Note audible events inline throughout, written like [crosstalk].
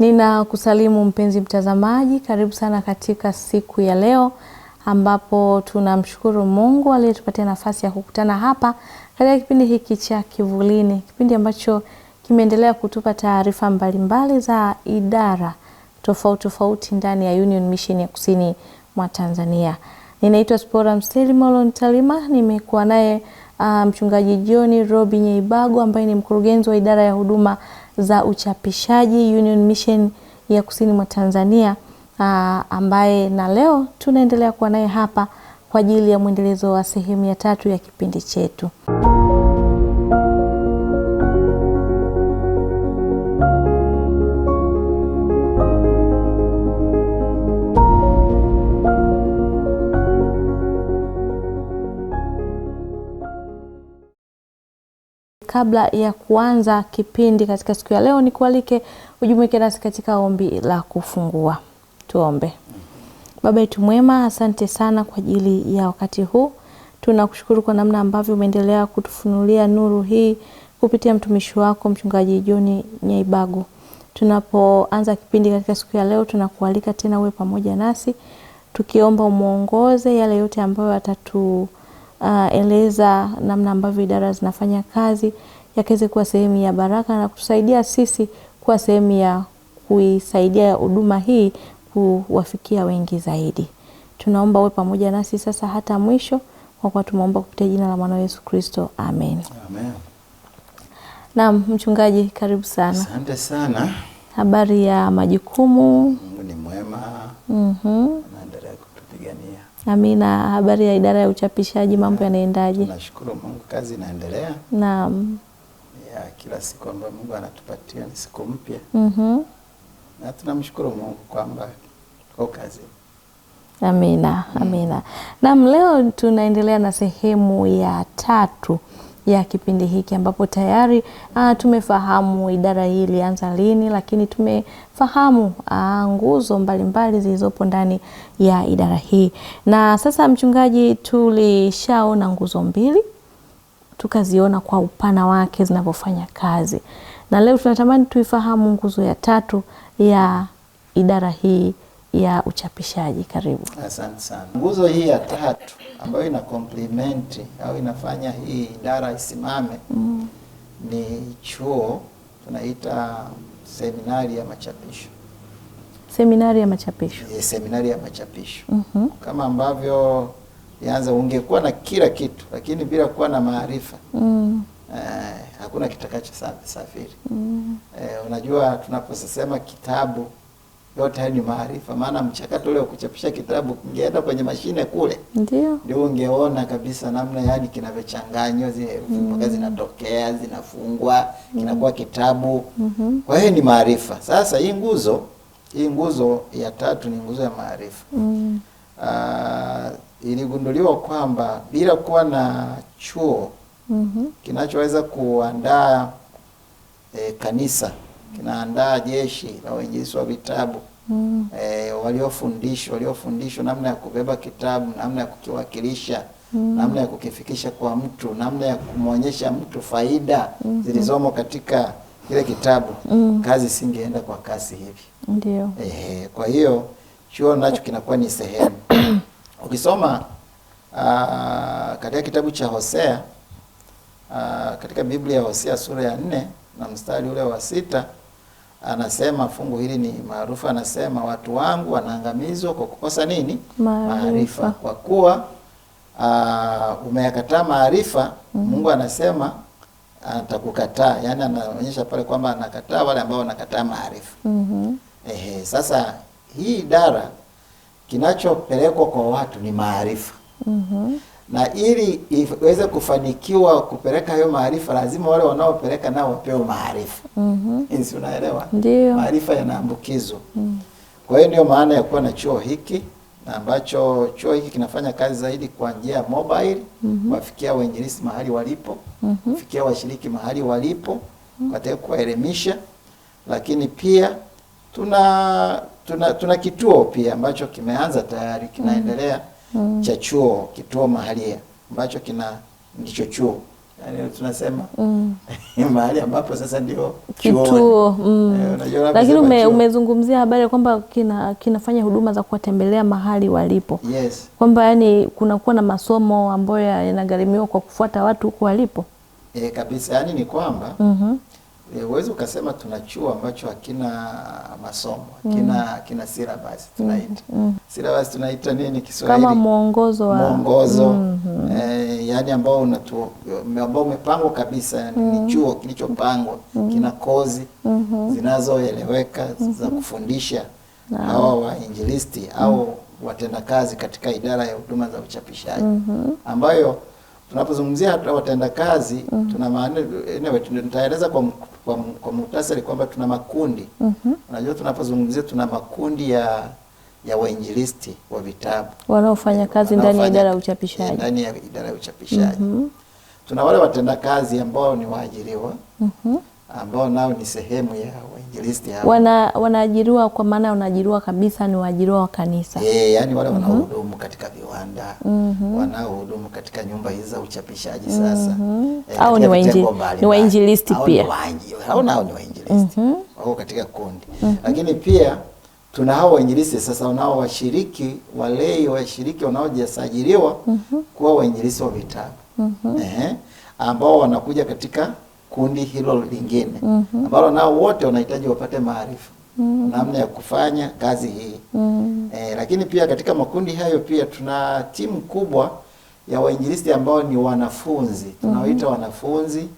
Ninakusalimu mpenzi mtazamaji, karibu sana katika siku ya leo ambapo tunamshukuru Mungu aliyetupatia nafasi ya kukutana hapa katika kipindi hiki cha Kivulini, kipindi ambacho kimeendelea kutupa taarifa mbalimbali za idara tofauti tofauti ndani ya Union Mission ya Kusini mwa Tanzania. Ninaitwa Spora Mseli Molon Talima, nimekuwa naye uh, mchungaji John Robi Nyeibago ambaye ni mkurugenzi wa idara ya huduma za uchapishaji Union Mission ya Kusini mwa Tanzania aa, ah, ambaye na leo tunaendelea kuwa naye hapa kwa ajili ya mwendelezo wa sehemu ya tatu ya kipindi chetu. kabla ya kuanza kipindi katika siku ya leo, nikualike ujumuike nasi katika ombi la kufungua. Tuombe. Baba yetu mwema, asante sana kwa ajili ya wakati huu. Tunakushukuru kwa namna ambavyo umeendelea kutufunulia nuru hii kupitia mtumishi wako Mchungaji joni Nyaibagu. Tunapoanza kipindi katika siku ya leo, tunakualika tena uwe pamoja nasi, tukiomba umwongoze yale yote ambayo atatu uh, eleza namna ambavyo idara zinafanya kazi, yakaweze kuwa sehemu ya baraka na kutusaidia sisi kuwa sehemu ya kuisaidia huduma hii kuwafikia wengi zaidi. Tunaomba uwe pamoja nasi sasa hata mwisho, kwa kuwa tumeomba kupitia jina la mwana Yesu Kristo, amen, amen. Naam, mchungaji, karibu sana. Asante sana. Habari ya majukumu? Mungu ni mwema. mm -hmm amina na habari ya idara ya uchapishaji, mambo yanaendaje? Nashukuru Mungu, kazi inaendelea. Naam, ya kila siku ambayo Mungu anatupatia ni siku mpya mm na tunamshukuru Mungu kwamba kwa kazi. Amina, mm. amina. Naam, leo tunaendelea na sehemu ya tatu ya kipindi hiki ambapo tayari uh, tumefahamu idara hii ilianza lini, lakini tumefahamu uh, nguzo mbalimbali zilizopo ndani ya idara hii. Na sasa, mchungaji, tulishaona nguzo mbili tukaziona kwa upana wake zinavyofanya kazi, na leo tunatamani tuifahamu nguzo ya tatu ya idara hii ya uchapishaji. Karibu. Asante sana. Nguzo hii ya tatu ambayo ina complement au inafanya hii idara isimame mm. ni chuo tunaita seminari ya machapisho seminari ya machapisho e, seminari ya machapisho mm -hmm. Kama ambavyo yanza, ungekuwa na kila kitu lakini bila kuwa na maarifa mm. e, hakuna kitakacho safiri mm. e, unajua tunaposema kitabu yote hayo ni maarifa, maana mchakato ule wa kuchapisha kitabu kingeenda kwenye mashine kule, ndio ndio ungeona kabisa namna yani kinavyochanganywa zile herufi mpaka mm. zinatokea zinafungwa mm. kinakuwa kitabu mm -hmm. Kwa hiyo ni maarifa. Sasa hii nguzo hii nguzo ya tatu ni nguzo ya maarifa mm. Ah, iligunduliwa kwamba bila kuwa na chuo mm -hmm. kinachoweza kuandaa eh, kanisa kinaandaa jeshi la wainjilisti wa vitabu mm. E, waliofundishwa waliofundishwa namna ya kubeba kitabu, namna ya kukiwakilisha mm. namna ya kukifikisha kwa mtu, namna ya kumwonyesha mtu faida mm -hmm. zilizomo katika kile kitabu mm. kazi singeenda kwa kasi hivi. Ndio. Eh, kwa hiyo chuo nacho kinakuwa ni sehemu [coughs] ukisoma aa, ah, katika kitabu cha Hosea aa, ah, katika Biblia ya Hosea sura ya nne na mstari ule wa sita anasema fungu hili ni maarufu, anasema watu wangu wanaangamizwa kwa kukosa nini? Maarifa. Kwa kuwa uh, umeyakataa maarifa mm -hmm. Mungu anasema atakukataa, yaani anaonyesha pale kwamba anakataa wale ambao wanakataa maarifa mm -hmm. Ehe, sasa hii idara kinachopelekwa kwa watu ni maarifa mm -hmm na ili iweze kufanikiwa kupeleka hayo maarifa, lazima wale wanaopeleka nao wapewe maarifa mm -hmm. unaelewa? Ndio, maarifa yanaambukizwa mm. Kwa hiyo ndio maana ya kuwa na chuo hiki ambacho chuo hiki kinafanya kazi zaidi kwa njia ya mobile mm -hmm. kuwafikia mahali walipo mm -hmm. washiriki mahali walipo mm -hmm. kuwaelimisha, lakini pia tuna tuna tuna kituo pia ambacho kimeanza tayari kinaendelea mm -hmm mm. cha chuo kituo mahalia ambacho kina ndicho chuo yani tunasema mm. [laughs] mahali ambapo sasa ndio kituo mm. E, lakini ume, umezungumzia habari ya kwamba kina, kinafanya huduma za kuwatembelea mahali walipo yes. kwamba yani kunakuwa na masomo ambayo yanagharimiwa kwa kufuata watu huko walipo e, kabisa yani ni kwamba mm -hmm Eh, huwezi ukasema tuna chuo ambacho hakina masomo hakina mm. hakina syllabus mm, tunaita mm. mm. syllabus tunaita nini Kiswahili, kama mwongozo wa mwongozo mm -hmm. Eh, e, yani ambao unatu ambao umepangwa kabisa mm. ni chuo kilichopangwa mm. kina kozi mm -hmm. zinazoeleweka mm -hmm. za mm-hmm. kufundisha hawa wainjilisti mm. au watendakazi katika idara ya huduma za uchapishaji mm -hmm. ambayo tunapozungumzia watendakazi mm -hmm. tuna maana nitaeleza kwa kwa, kwa muhtasari kwamba tuna makundi mm -hmm. Unajua, tunapozungumzia tuna makundi ya ya wainjilisti wa vitabu wanaofanya kazi ndani ya idara ya uchapishaji ndani ya idara ya uchapishaji mm -hmm. Tuna wale watendakazi ambao ni waajiriwa mm -hmm ambao nao ni sehemu ya wainjilisti hao. Wana wanaajiriwa kwa maana wanaajiriwa kabisa ni waajiriwa wa kanisa. Eh, yani wale mhm. wanaohudumu mm -hmm. katika viwanda, mm -hmm. wanaohudumu katika nyumba hizo za uchapishaji mhm. sasa. Mm -hmm. E, au ni wainjilisti, ni wainjilisti pia. Au nao ni wainjilisti. Mm -hmm. Wako katika kundi. Mm -hmm. Lakini pia tuna hao wainjilisti sasa wanao washiriki walei washiriki wanaojisajiliwa mm -hmm. kuwa wainjilisti wa vitabu. Mm -hmm. Eh, ambao wanakuja katika kundi hilo lingine mm -hmm. ambalo nao wote wanahitaji wapate maarifa mm -hmm. namna ya kufanya kazi hii mm -hmm. e, lakini pia katika makundi hayo pia tuna timu kubwa ya wainjilisti ambao ni wanafunzi mhm. tunaoita mm -hmm. wanafunzi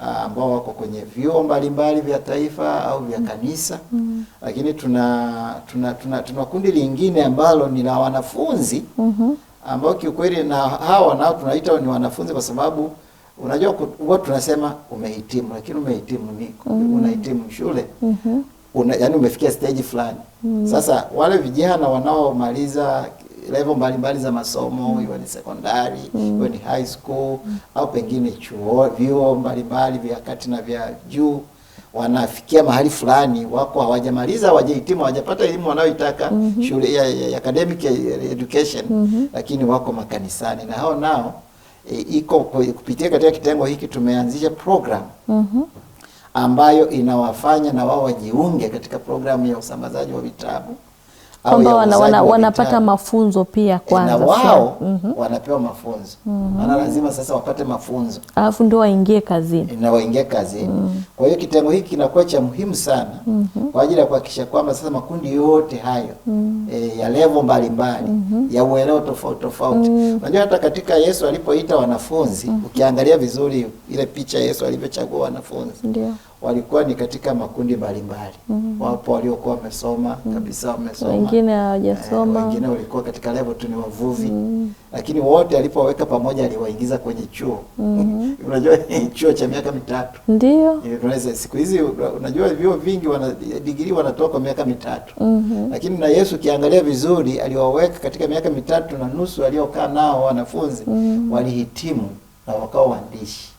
ah, ambao wako kwenye vyuo mbalimbali vya taifa au vya mhm. kanisa mm -hmm. Lakini tuna tuna, tuna tuna kundi lingine ambalo ni la wanafunzi mm -hmm. ambao kiukweli na hawa nao tunaita ni wanafunzi kwa sababu Unajua huwa tunasema umehitimu, lakini umehitimu ni mm. unahitimu shule mm -hmm. Una, yani umefikia stage fulani mm. Sasa wale vijana wanaomaliza level mbalimbali za masomo mm. iwe mm. ni sekondari iwe ni high school mm. au pengine chuo, vyuo mbalimbali vya kati na vya juu wanafikia mahali fulani, wako hawajamaliza, hawajahitimu, hawajapata elimu wanayoitaka mm -hmm. shule ya, ya, ya academic education mm -hmm. lakini wako makanisani na hao nao iko kupitia katika kitengo hiki tumeanzisha programu mm -hmm. ambayo inawafanya na wao wajiunge katika programu ya usambazaji wa vitabu kwamba wana, wana, mafunzo pia kwanza, na wao mm -hmm. wanapewa mhm. mafunzo mm -hmm. maana mhm. lazima sasa wapate mafunzo alafu ndio waingie kazini na waingie kazini mm -hmm. kwa hiyo kitengo hiki kinakuwa cha muhimu sana mm -hmm. kwa ajili ya kuhakikisha kwamba sasa makundi yote hayo mm -hmm. e, ya levo mbalimbali mm -hmm. ya uelewa tofauti tofauti mm -hmm. hata katika Yesu alipoita wanafunzi mm -hmm. ukiangalia vizuri ile picha Yesu alivyochagua wanafunzi walikuwa ni katika makundi mbalimbali mm -hmm. Wapo waliokuwa wamesoma mm -hmm. kabisa wamesoma, wengine hawajasoma eh, wengine walikuwa katika level tu ni wavuvi mm -hmm. Lakini wote alipowaweka pamoja aliwaingiza kwenye chuo mm -hmm. [laughs] Unajua [laughs] chuo cha miaka mitatu ndio unaweza siku hizi, unajua vyuo vingi wana digrii wanatoka miaka mitatu mm -hmm. Lakini na Yesu ukiangalia vizuri aliwaweka katika miaka mitatu na nusu aliyokaa nao wanafunzi mm -hmm. walihitimu na wakawa waandishi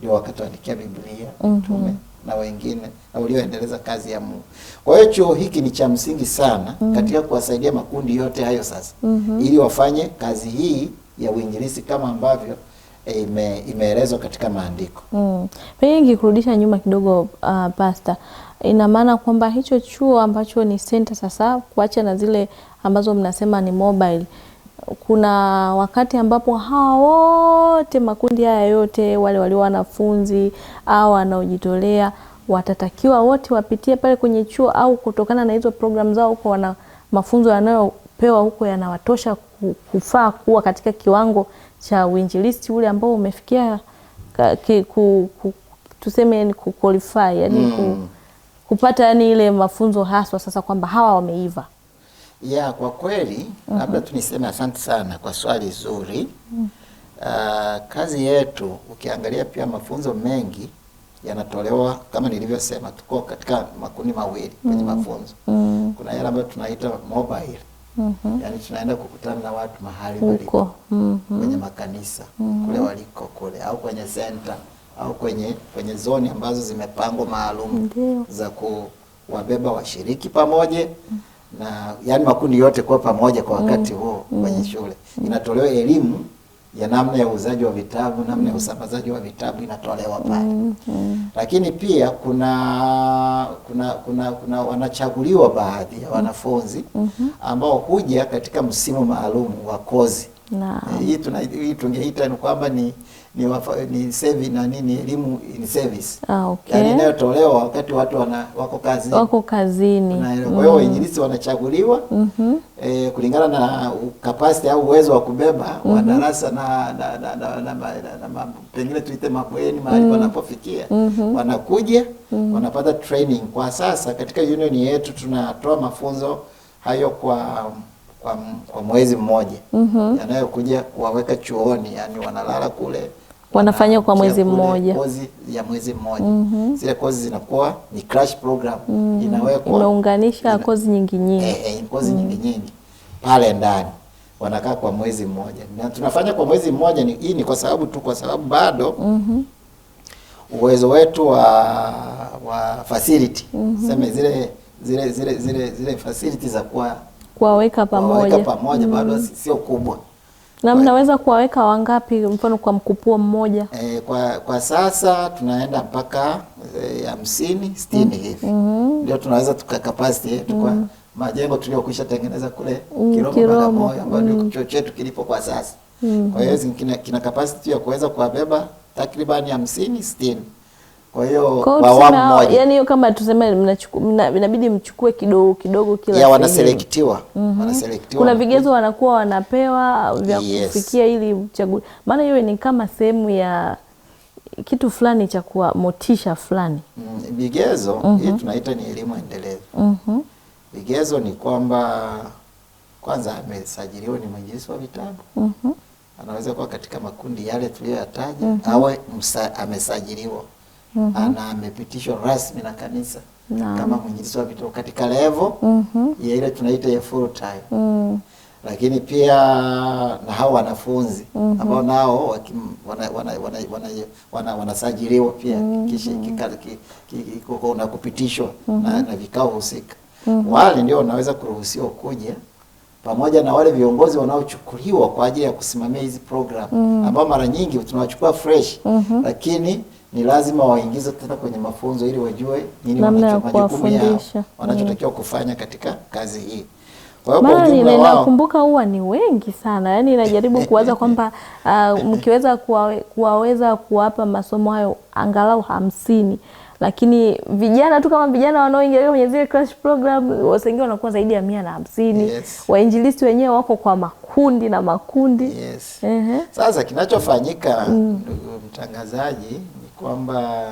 ndio wakatuandikia Biblia mhm. mitume mm -hmm na wengine na walioendeleza kazi ya Mungu. Kwa hiyo chuo hiki ni cha msingi sana mm -hmm. katika kuwasaidia makundi yote hayo sasa mm -hmm. ili wafanye kazi hii ya uinjilisti kama ambavyo e, ime, imeelezwa katika maandiko. Mm. Pengine nikikurudisha nyuma kidogo uh, pasta, ina maana kwamba hicho chuo ambacho ni center sasa, kuacha na zile ambazo mnasema ni mobile kuna wakati ambapo hawa wote makundi haya yote, wale walio wanafunzi au wanaojitolea, watatakiwa wote wapitie pale kwenye chuo, au kutokana na hizo programu zao huko, wana mafunzo yanayopewa huko yanawatosha kufaa kuwa katika kiwango cha uinjilisti ule ambao umefikia ku, ku, tuseme ku kuqualify yani, mm. ku, kupata yani ile mafunzo haswa sasa kwamba hawa wameiva. Ya, kwa kweli mhm. labda tu niseme asante sana kwa swali zuri. Uh, kazi yetu ukiangalia pia mafunzo mengi yanatolewa kama nilivyosema, tuko katika makundi mawili kwenye mm. mafunzo. Mm. Kuna yale ambayo tunaita mobile mm-hmm. yaani tunaenda kukutana na watu mahali waliko mm-hmm. kwenye makanisa mm-hmm. kule waliko kule au kwenye senta au kwenye kwenye zoni ambazo zimepangwa maalum za kuwabeba washiriki pamoja na yani makundi yote kwa pamoja kwa wakati mm. huo mm. kwenye shule mm. inatolewa elimu ya namna ya uuzaji wa vitabu, namna ya mm. usambazaji wa vitabu inatolewa pale mm. mm. lakini pia kuna kuna kuna, kuna wanachaguliwa baadhi ya mm. wanafunzi mm -hmm. ambao huja katika msimu maalum wa kozi hii no. tungeita ni kwamba ni ni, wafa, ni save na nini elimu in service ah, okay. Yani inayotolewa wakati watu wana, wako kazini, wako kazini. Na Kwa hiyo mm. wainjilisti wanachaguliwa Mhm. mm -hmm. E, kulingana na capacity au uwezo wa kubeba mm -hmm. wa mm-hmm. darasa na, na, na, na, na, na, na na, na pengine tuite mabweni mahali mm -hmm. wanapofikia mm -hmm. wanakuja mm -hmm. wanapata training. Kwa sasa katika union yetu tunatoa mafunzo hayo kwa um, kwa, kwa mwezi mmoja mm -hmm. yanayokuja waweka chuoni, yani wanalala kule wanafanya kwa mwezi mmoja, kozi ya mwezi mmoja mm -hmm. zile kozi zinakuwa ni crash program mm -hmm. inawekwa imeunganisha ina, kozi nyingi nyingi eh, eh, kozi mm -hmm. nyingi nyingi pale ndani wanakaa kwa mwezi mmoja, na tunafanya kwa mwezi mmoja. Ni hii ni kwa sababu tu, kwa sababu bado mm -hmm. uwezo wetu wa wa facility mm -hmm. sema zile zile zile zile zile facility za kuwa kuwaweka pamoja pamoja mm. bado sio kubwa. Na mnaweza kuwaweka wangapi, mfano kwa mkupuo mmoja? E, kwa, kwa sasa tunaenda mpaka eh, hamsini e, sitini mm. hivi mm. ndio tunaweza tuka capacity yetu eh, kwa mm. majengo tuliyokwisha tengeneza kule mm. Kiroma ambayo mm. chuo chetu kilipo kwa sasa mm. kwa hiyo kina, kina capacity ya kuweza kuwabeba takribani hamsini sitini kwa hiyo yani, kama tuseme mnachukua, inabidi mchukue kidogo kidogo kila ya wanaselektiwa. mm -hmm. Wanaselektiwa, kuna vigezo wanakuwa wanapewa vya yes. kufikia ili chaguzi, maana hiyo ni kama sehemu ya kitu fulani cha kuwa motisha fulani mm, vigezo. mm -hmm. Hii mhm. tunaita ni elimu endelevu. mm -hmm. Vigezo ni kwamba kwanza amesajiliwa ni mwinjilisi wa vitabu. mm -hmm. Anaweza kuwa katika makundi yale tuliyoyataja. mm -hmm. Awe amesajiliwa mm -hmm. ana amepitishwa rasmi na kanisa no. kama mwenyezi wa vituo katika levo mm -hmm. ile tunaita ya full time mm. Lakini pia na hao wanafunzi mm -hmm. ambao nao wanasajiliwa wana, wana, wana, pia mm -hmm. kisha na kupitishwa mm -hmm. na, na vikao husika mm -hmm. wale ndio wanaweza kuruhusiwa kuja pamoja na wale viongozi wanaochukuliwa kwa ajili ya kusimamia hizi program mm -hmm. ambao mara nyingi tunawachukua fresh mm -hmm. lakini ni lazima waingize tena kwenye mafunzo ili wajue nini majukumu yao wanachotakiwa kufanya katika kazi hii. Nakumbuka huwa ni wengi sana, yaani najaribu kuwaza [laughs] kwamba uh, mkiweza kuwaweza kuwapa masomo hayo angalau hamsini, lakini vijana tu kama vijana wanaoingia kwenye zile crash program wasengine wanakuwa zaidi ya mia na hamsini. Yes. Wainjilisti wenyewe wako kwa makundi na makundi. Yes. uh -huh. Sasa kinachofanyika mm. mtangazaji kwamba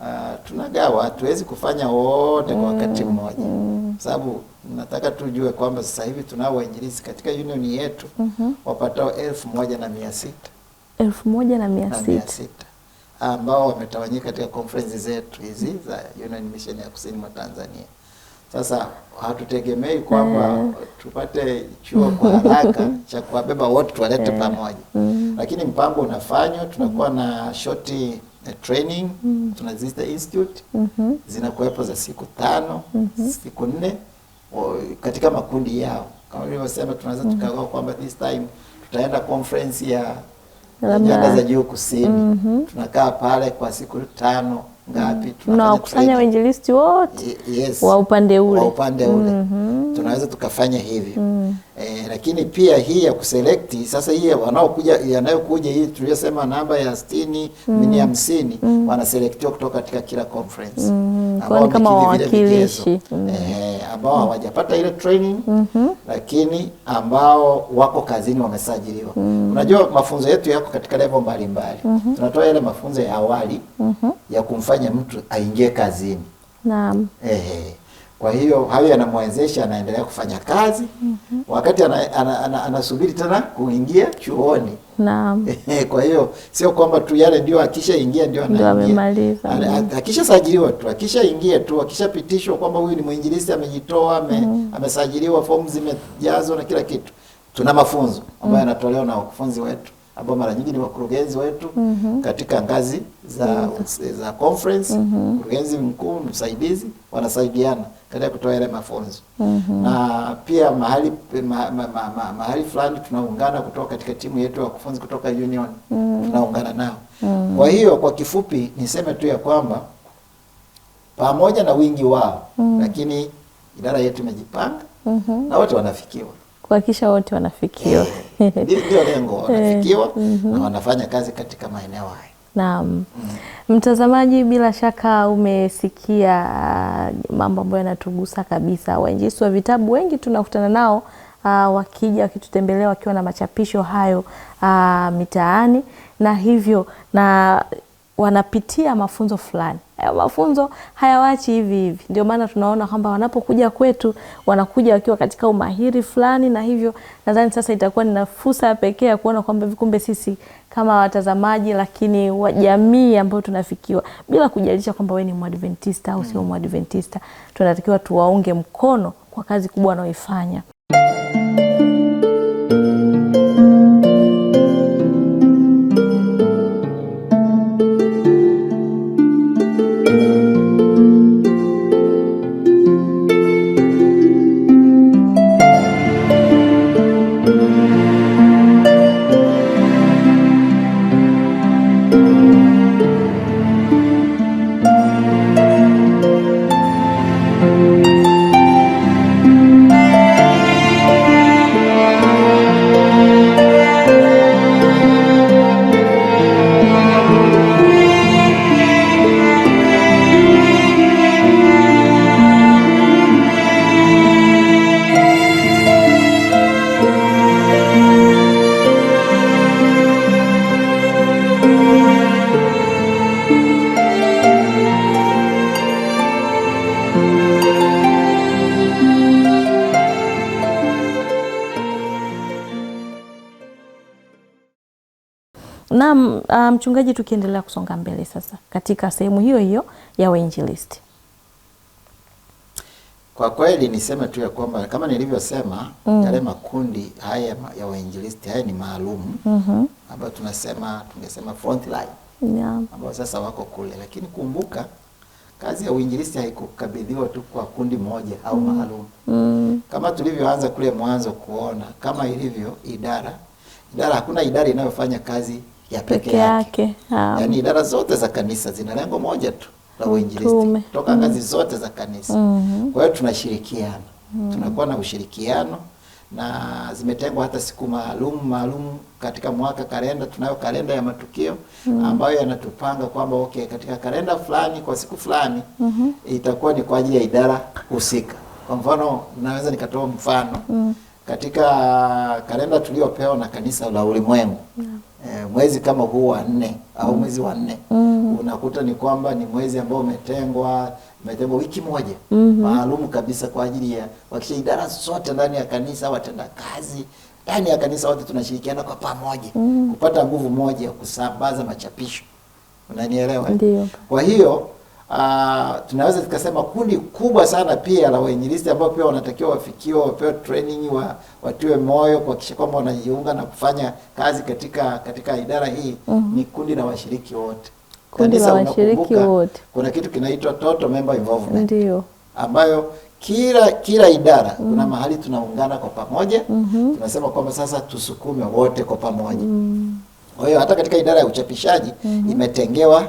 uh, tunagawa, hatuwezi kufanya wote kwa wakati mm, mmoja mm. sababu nataka tujue kwamba sasa hivi tunao wainjilisti katika unioni yetu mm -hmm. wapatao elfu moja na mia sita elfu moja na mia sita ambao wametawanyika katika konferensi zetu hizi za Union Mission ya kusini mwa Tanzania. Sasa hatutegemei kwamba yeah. Mm. tupate chuo kwa haraka [laughs] cha kuwabeba wote tuwalete mm. pamoja mm. Lakini mpango unafanywa, tunakuwa na short eh, training mm. tunaziita institute mm -hmm. zinakuwepo za siku tano mm -hmm. siku nne katika makundi yao, kama nilivyosema, tunaweza mm. kwamba this time tutaenda conference ya nyanda za juu kusini mm -hmm. tunakaa pale kwa siku tano ngapi, mm-hmm. tunawakusanya wainjilisti wote yes, wa upande ule, wa upande ule. Mm -hmm. Tunaweza tukafanya hivyo mm. E, lakini pia hii ya kuselekti sasa, hii wanaokuja yanayokuja hii tuliyosema namba ya sitini mm. mini hamsini mm. wanaselektiwa kutoka katika kila conference mm ambao kama wawakilishi mm. eh, ambao hawajapata ile training mm -hmm. lakini ambao wako kazini wamesajiliwa. mm -hmm. Unajua, mafunzo yetu yako katika level mbalimbali. mm -hmm. tunatoa ile mafunzo ya awali mm -hmm. ya kumfanya mtu aingie kazini. Naam. Ehe. Eh. Kwa hiyo hayo yanamwezesha anaendelea kufanya kazi mm -hmm. wakati anasubiri ana, ana, ana, tena kuingia chuoni naam. [laughs] kwa hiyo sio kwamba tu yale ndio akishaingia ndio anaingia, akishasajiliwa tu, akishaingia tu, akishapitishwa kwamba huyu ni mwinjilisti amejitoa, ame, mm -hmm. amesajiliwa, fomu zimejazwa na kila kitu, tuna mafunzo ambayo mhm. yanatolewa mm -hmm. na wakufunzi wetu ambao mara nyingi ni wakurugenzi wetu mm -hmm. katika ngazi za, mm -hmm. za conference mhm. mkurugenzi mm -hmm. mkuu msaidizi wanasaidiana katika kutoa yale mafunzo mm -hmm. na pia mahali ma, ma, ma, ma, mahali fulani tunaungana kutoka katika timu yetu ya wakufunzi kutoka union mm -hmm. tunaungana nao mm -hmm. kwa hiyo kwa kifupi niseme tu ya kwamba pamoja na wingi wao mm -hmm. lakini idara yetu imejipanga mm -hmm. na wote wanafikiwa kuhakikisha wote wanafikiwa. Eh, ndio lengo, [laughs] eh, wanafikiwa na mhm. wanafanya kazi katika maeneo hayo. Naam, mm. mtazamaji, bila shaka umesikia uh, mambo ambayo yanatugusa kabisa. Wainjilisti wa vitabu wengi tunakutana nao Uh, wakija wakitutembelea wakiwa na machapisho hayo uh, mitaani na hivyo na wanapitia mafunzo fulani. Hayo mafunzo hayawachi hivi hivi, ndio maana tunaona kwamba wanapokuja kwetu wanakuja wakiwa katika umahiri fulani, na hivyo nadhani sasa itakuwa ni fursa ya pekee ya kuona kwamba kumbe sisi kama watazamaji, lakini wa jamii ambayo tunafikiwa, bila kujalisha kwamba wewe ni mwadventista au sio mwadventista, tunatakiwa tuwaunge mkono kwa kazi kubwa wanaoifanya. Thank you. wachungaji, tukiendelea kusonga mbele sasa katika sehemu hiyo hiyo ya wainjilisti. Kwa kweli niseme tu ya kwamba kama nilivyosema mm. yale makundi haya ya wainjilisti haya ni maalum mm -hmm. ambayo tunasema tungesema front line yeah. ambao sasa wako kule, lakini kumbuka kazi ya uinjilisti haikukabidhiwa tu kwa kundi moja au mm. maalum mm. kama tulivyoanza kule mwanzo kuona kama ilivyo idara idara, hakuna idara inayofanya kazi ya peke yake. Ah. Yaani idara zote za kanisa zina lengo moja tu la uinjilisti kutoka mm. ngazi zote za kanisa. Mm -hmm. Kwa hiyo tunashirikiana. Mm -hmm. Tunakuwa na ushirikiano na zimetengwa hata siku maalum maalum katika mwaka kalenda. Tunayo kalenda ya matukio mm. ambayo yanatupanga kwamba okay, katika kalenda fulani kwa siku fulani mm -hmm. itakuwa ni kwa ajili ya idara husika. Kwa mfano, naweza nikatoa mfano mm. katika kalenda tuliyopewa na kanisa la ulimwengu mm eh, mwezi kama huu wa nne au mm. mwezi wa nne mm -hmm. unakuta ni kwamba ni mwezi ambao umetengwa umetengwa wiki moja mm -hmm. maalumu kabisa kwa ajili ya wakisha idara zote ndani ya kanisa, watendakazi ndani ya kanisa wote tunashirikiana kwa pamoja mm -hmm. kupata nguvu moja kusambaza machapisho, unanielewa? Kwa hiyo uh, tunaweza tukasema kundi kubwa sana pia la wainjilisti ambao pia wanatakiwa wafikiwe, wapewe training, wa, watiwe moyo kuhakikisha kwamba wanajiunga na kufanya kazi katika katika idara hii mm -hmm. ni kundi la washiriki wote kundi yaani la washiriki wote. Kuna kitu kinaitwa total member involvement ndio ambayo kila kila idara mm. kuna mahali tunaungana kwa pamoja mm -hmm. tunasema kwamba sasa tusukume wote kwa pamoja mm. Kwa hiyo hata katika idara ya uchapishaji mm -hmm. imetengewa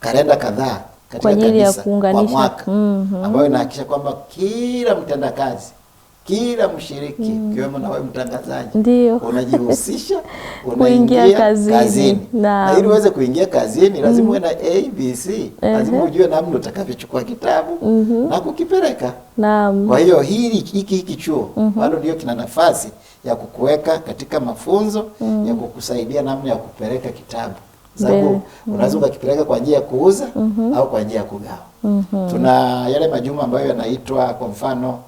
kalenda kadhaa katika kwa mwaka mm -hmm. ambayo inahakikisha kwamba kila mtendakazi kila mshiriki mm. kiwemo na wewe mtangazaji ndio unajihusisha [laughs] kuingia kazini, kazini. Na, na ili uweze kuingia kazini lazima mm. uwe mm. na ABC uh -huh. lazima ujue namna utakavyochukua kitabu mm -hmm. na kukipeleka. Naam. Kwa hiyo hili hiki hiki chuo mm -hmm. bado ndio kina nafasi ya kukuweka katika mafunzo mm. ya kukusaidia namna ya kupeleka kitabu sababu unaweza ukakipeleka kwa njia ya kuuza mm -hmm. au kwa njia ya kugawa mm -hmm. tuna yale majuma ambayo yanaitwa kwa mfano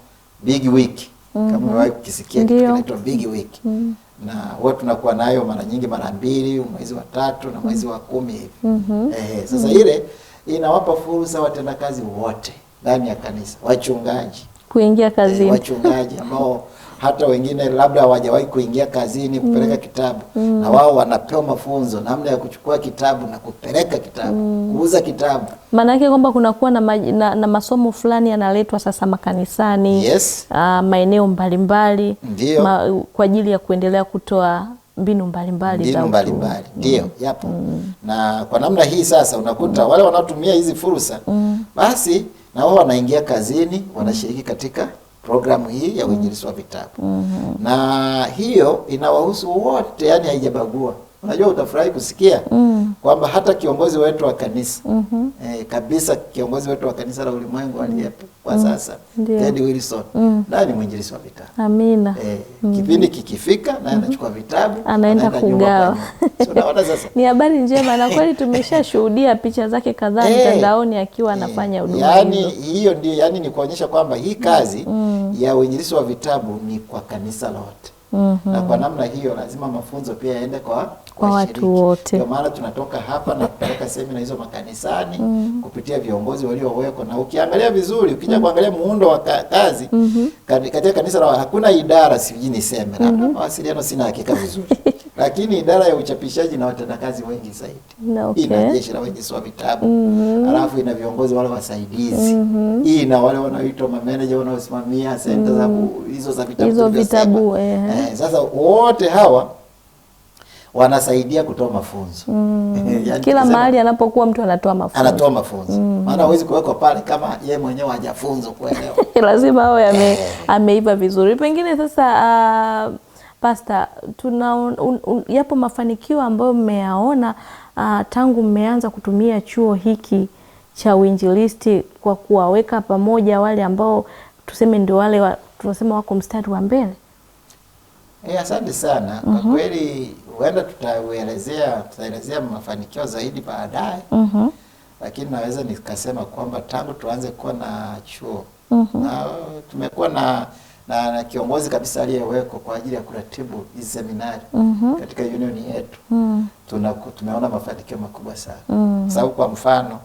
big week mm -hmm. kama mhm. umewahi kukisikia kinaitwa big week mm -hmm. na huwa tunakuwa nayo mara nyingi mara mbili mwezi wa tatu na mwezi wa kumi hivi mm -hmm. eh, sasa mm -hmm. ile inawapa fursa watendakazi wote ndani ya kanisa wachungaji kuingia eh, kazini eh, wachungaji ambao [laughs] hata wengine labda hawajawahi kuingia kazini kupeleka mm. kitabu mm. na wao wanapewa mafunzo namna ya kuchukua kitabu na kupeleka kitabu mm. kuuza kitabu. Maana yake kwamba kunakuwa na, na, na masomo fulani yanaletwa sasa makanisani yes. uh, maeneo mbalimbali ndio ma, kwa ajili ya kuendelea kutoa mbinu mbalimbali mbinu mbalimbali ndio mm. yapo mm. na kwa namna hii sasa unakuta mm. wale wanaotumia hizi fursa mm. basi na wao wanaingia kazini wanashiriki katika programu hii ya uinjilisti wa vitabu mm -hmm. na hiyo inawahusu wote, yani haijabagua Unajua utafurahi kusikia mm. kwamba hata kiongozi wetu wa kanisa mm -hmm. eh, kabisa kiongozi wetu wa kanisa la ulimwengu aliyepo kwa mm. sasa mm. Teddy Wilson mm. naye ni mwinjilisi wa vitabu. Amina. eh, mm. kipindi kikifika na mm-hmm. anachukua vitabu anaenda kugawa. [laughs] So, sasa ni habari njema na kweli tumeshashuhudia picha zake kadhaa eh, mtandaoni akiwa eh, anafanya huduma Yaani hiyo ndio yani ni kuonyesha kwamba hii kazi mm. mm. ya uinjilisi wa vitabu ni kwa kanisa lote mm -hmm. na kwa namna hiyo lazima mafunzo pia yaende kwa kwa watu wote. kwa maana tunatoka hapa na kupeleka semina hizo makanisani mm -hmm. kupitia viongozi waliowekwa, na ukiangalia vizuri, ukija mm -hmm. kuangalia muundo wa kazi mm -hmm. katika kanisa la hakuna idara, sijui niseme labda mhm. mawasiliano mm -hmm. sina hakika vizuri [laughs] lakini idara ya uchapishaji na watendakazi wengi zaidi. Okay. Ina jeshi la wenyeji wa vitabu mm -hmm. Alafu ina viongozi wale wasaidizi mm -hmm. Ina wale wanaoitwa mameneja wanaosimamia senta mm -hmm. za mhm. hizo za vitabu hizo vitabu eh. Eh, sasa wote hawa wanasaidia kutoa mafunzo mm. [laughs] Yani, kila mahali anapokuwa mtu anatoa mafunzo, anatoa mafunzo mhm. maana mm. Huwezi kuwekwa pale kama ye mwenyewe hajafunzo kuelewa [laughs] lazima awe eh. ameiva vizuri. Pengine sasa uh, Pasta, tuna un, un, yapo mafanikio ambayo mmeyaona uh, tangu mmeanza kutumia chuo hiki cha uinjilisti kwa kuwaweka pamoja wale ambao tuseme ndio wale wa, tunasema wako mstari wa mbele? E, asante sana kwa mm -hmm. Kweli huenda tutauelezea tutaelezea mafanikio zaidi baadaye mm -hmm. Lakini naweza nikasema kwamba tangu tuanze kuwa na chuo mm -hmm. na tumekuwa na na, na kiongozi kabisa aliyewekwa kwa ajili ya kuratibu hizi seminari mm -hmm. katika union yetu mm tuna tumeona mafanikio makubwa sana mm -hmm. sababu kwa mfano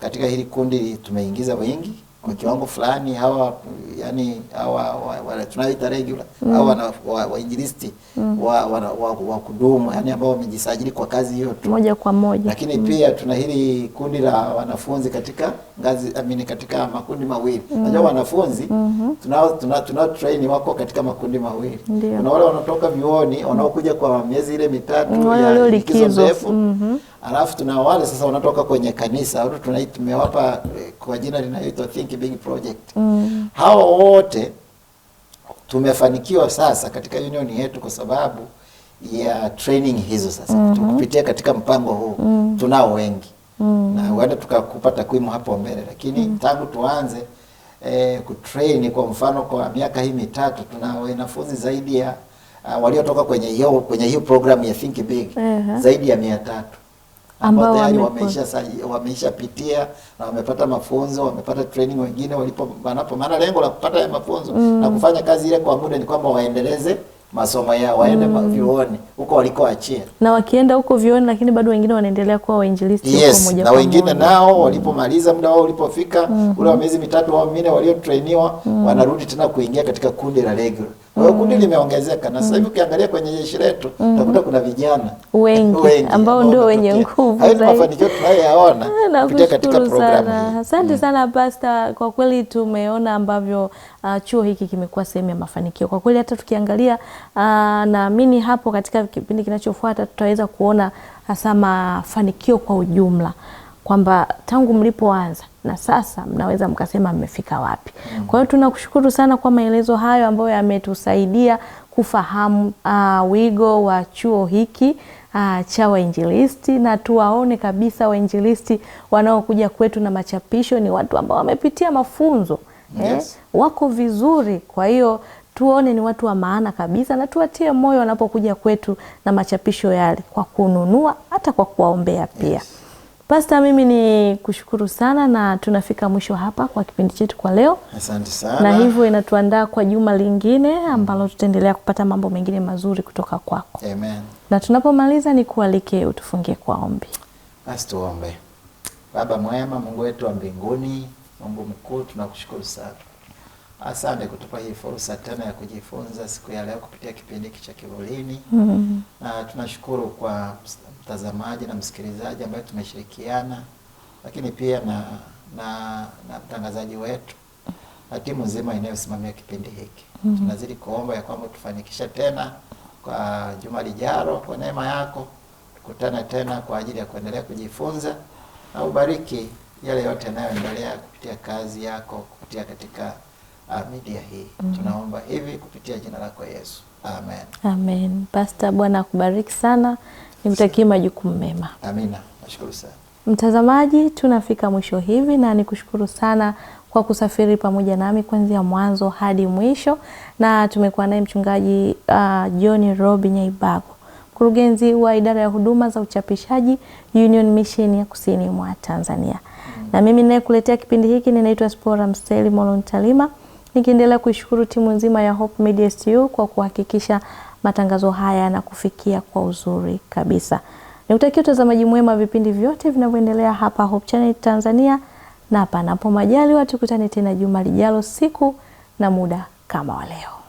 katika hili kundi tumeingiza wengi kwa kiwango fulani hawa yani hawa tunaita regular mm. hawa na wainjilisti mm. wa wa, wa, wa, wa, wa mm. kudumu yani ambao wamejisajili kwa kazi hiyo tu moja kwa moja. Lakini mm. pia tuna hili kundi la wanafunzi katika ngazi amini, katika makundi mawili mm. najua wanafunzi mm -hmm. tunao tuna, tuna train wako katika makundi mawili. Kuna wale wanatoka vioni wanaokuja kwa miezi ile mitatu mm. ya likizo ndefu mm -hmm Alafu tuna wale sasa wanatoka kwenye kanisa au tunaita tumewapa eh, kwa jina linaloitwa Think Big Project. Mm. Hawa wote tumefanikiwa sasa katika union yetu kwa sababu ya training hizo sasa. Mm -hmm. kupitia katika mpango huu mm. tunao wengi. Mm. Na huenda tukakupa takwimu hapo mbele lakini mm. tangu tuanze eh, kutrain kwa mfano kwa miaka hii mitatu tuna wanafunzi zaidi ya uh, waliotoka kwenye hiyo kwenye hiyo program ya Think Big uh -huh. zaidi ya mia tatu ambao wameisha wameishapitia na wamepata mafunzo, wamepata training, wengine walipo wanapo, maana lengo la kupata haya mafunzo mm. na kufanya kazi ile kwa muda ni kwamba waendeleze masomo yao waende mm. vyuoni huko walikoachia, na wakienda huko vyuoni, lakini bado wengine wanaendelea kuwa wainjilisti yes, moja na wengine nao mm. walipomaliza muda wao ulipofika mm -hmm. ule wa miezi mitatu au minne waliotrainiwa mm. wanarudi tena kuingia katika kundi la regular kwa hiyo kundi mm. limeongezeka na sasa hivi mm. ukiangalia kwenye jeshi letu mm. utakuta kuna vijana wengi, [laughs] wengi ambao ndio wenye nguvu zaidi. Hayo mafanikio tunayoyaona [laughs] kupitia katika programu sana. Asante sana Pastor, kwa kweli tumeona ambavyo uh, chuo hiki kimekuwa sehemu ya mafanikio kwa kweli. Hata tukiangalia uh, naamini hapo katika kipindi kinachofuata tutaweza kuona hasa mafanikio kwa ujumla kwamba tangu mlipoanza na sasa mnaweza mkasema mmefika wapi. Kwa hiyo tunakushukuru sana kwa maelezo hayo ambayo yametusaidia kufahamu uh, wigo wa chuo hiki uh, cha wainjilisti, na tuwaone kabisa wainjilisti wanaokuja kwetu na machapisho ni watu ambao wamepitia mafunzo eh? yes. Eh, wako vizuri, kwa hiyo tuone ni watu wa maana kabisa, na tuwatie moyo wanapokuja kwetu na machapisho yale, kwa kununua hata kwa kuwaombea pia yes. Pasta, mimi ni kushukuru sana na tunafika mwisho hapa kwa kipindi chetu kwa leo. Asante sana. Na hivyo inatuandaa kwa juma lingine ambalo tutaendelea kupata mambo mengine mazuri kutoka kwako. Amen. Na tunapomaliza ni kualike utufungie kwa ombi. Basi tuombe. Baba mwema, Mungu wetu wa mbinguni, Mungu mkuu, tunakushukuru sana. Asante kutupa hii fursa tena ya kujifunza siku ya leo kupitia kipindi cha Kivulini. Mm -hmm. Na tunashukuru kwa mtazamaji na msikilizaji ambaye tumeshirikiana, lakini pia na na, na mtangazaji wetu na timu nzima inayosimamia kipindi hiki mm -hmm. Tunazidi kuomba ya kwamba tufanikishe tena kwa juma lijalo, kwa neema yako tukutane tena kwa ajili ya kuendelea kujifunza, na ubariki yale yote yanayoendelea kupitia kazi yako, kupitia katika uh, media hii mm -hmm. Tunaomba hivi kupitia jina lako Yesu, amen, amen. Pastor, Bwana akubariki sana nimtakie majukumu mema. Amina. Nashukuru sana mtazamaji, tunafika mwisho hivi, na nikushukuru sana kwa kusafiri pamoja nami kuanzia mwanzo hadi mwisho, na tumekuwa naye mchungaji uh, John Robi Nyaibago, mkurugenzi wa idara ya huduma za uchapishaji Union Mission ya kusini mwa Tanzania. mm -hmm. Na mimi ninayekuletea kipindi hiki ninaitwa Spora Msteli Molontalima, nikiendelea kuishukuru timu nzima ya Hope Media STU kwa kuhakikisha matangazo haya yanakufikia kwa uzuri kabisa. ni Nikutakia utazamaji mwema vipindi vyote vinavyoendelea hapa Hope Channel Tanzania, na panapo majaliwa tukutane tena juma lijalo, siku na muda kama wa leo.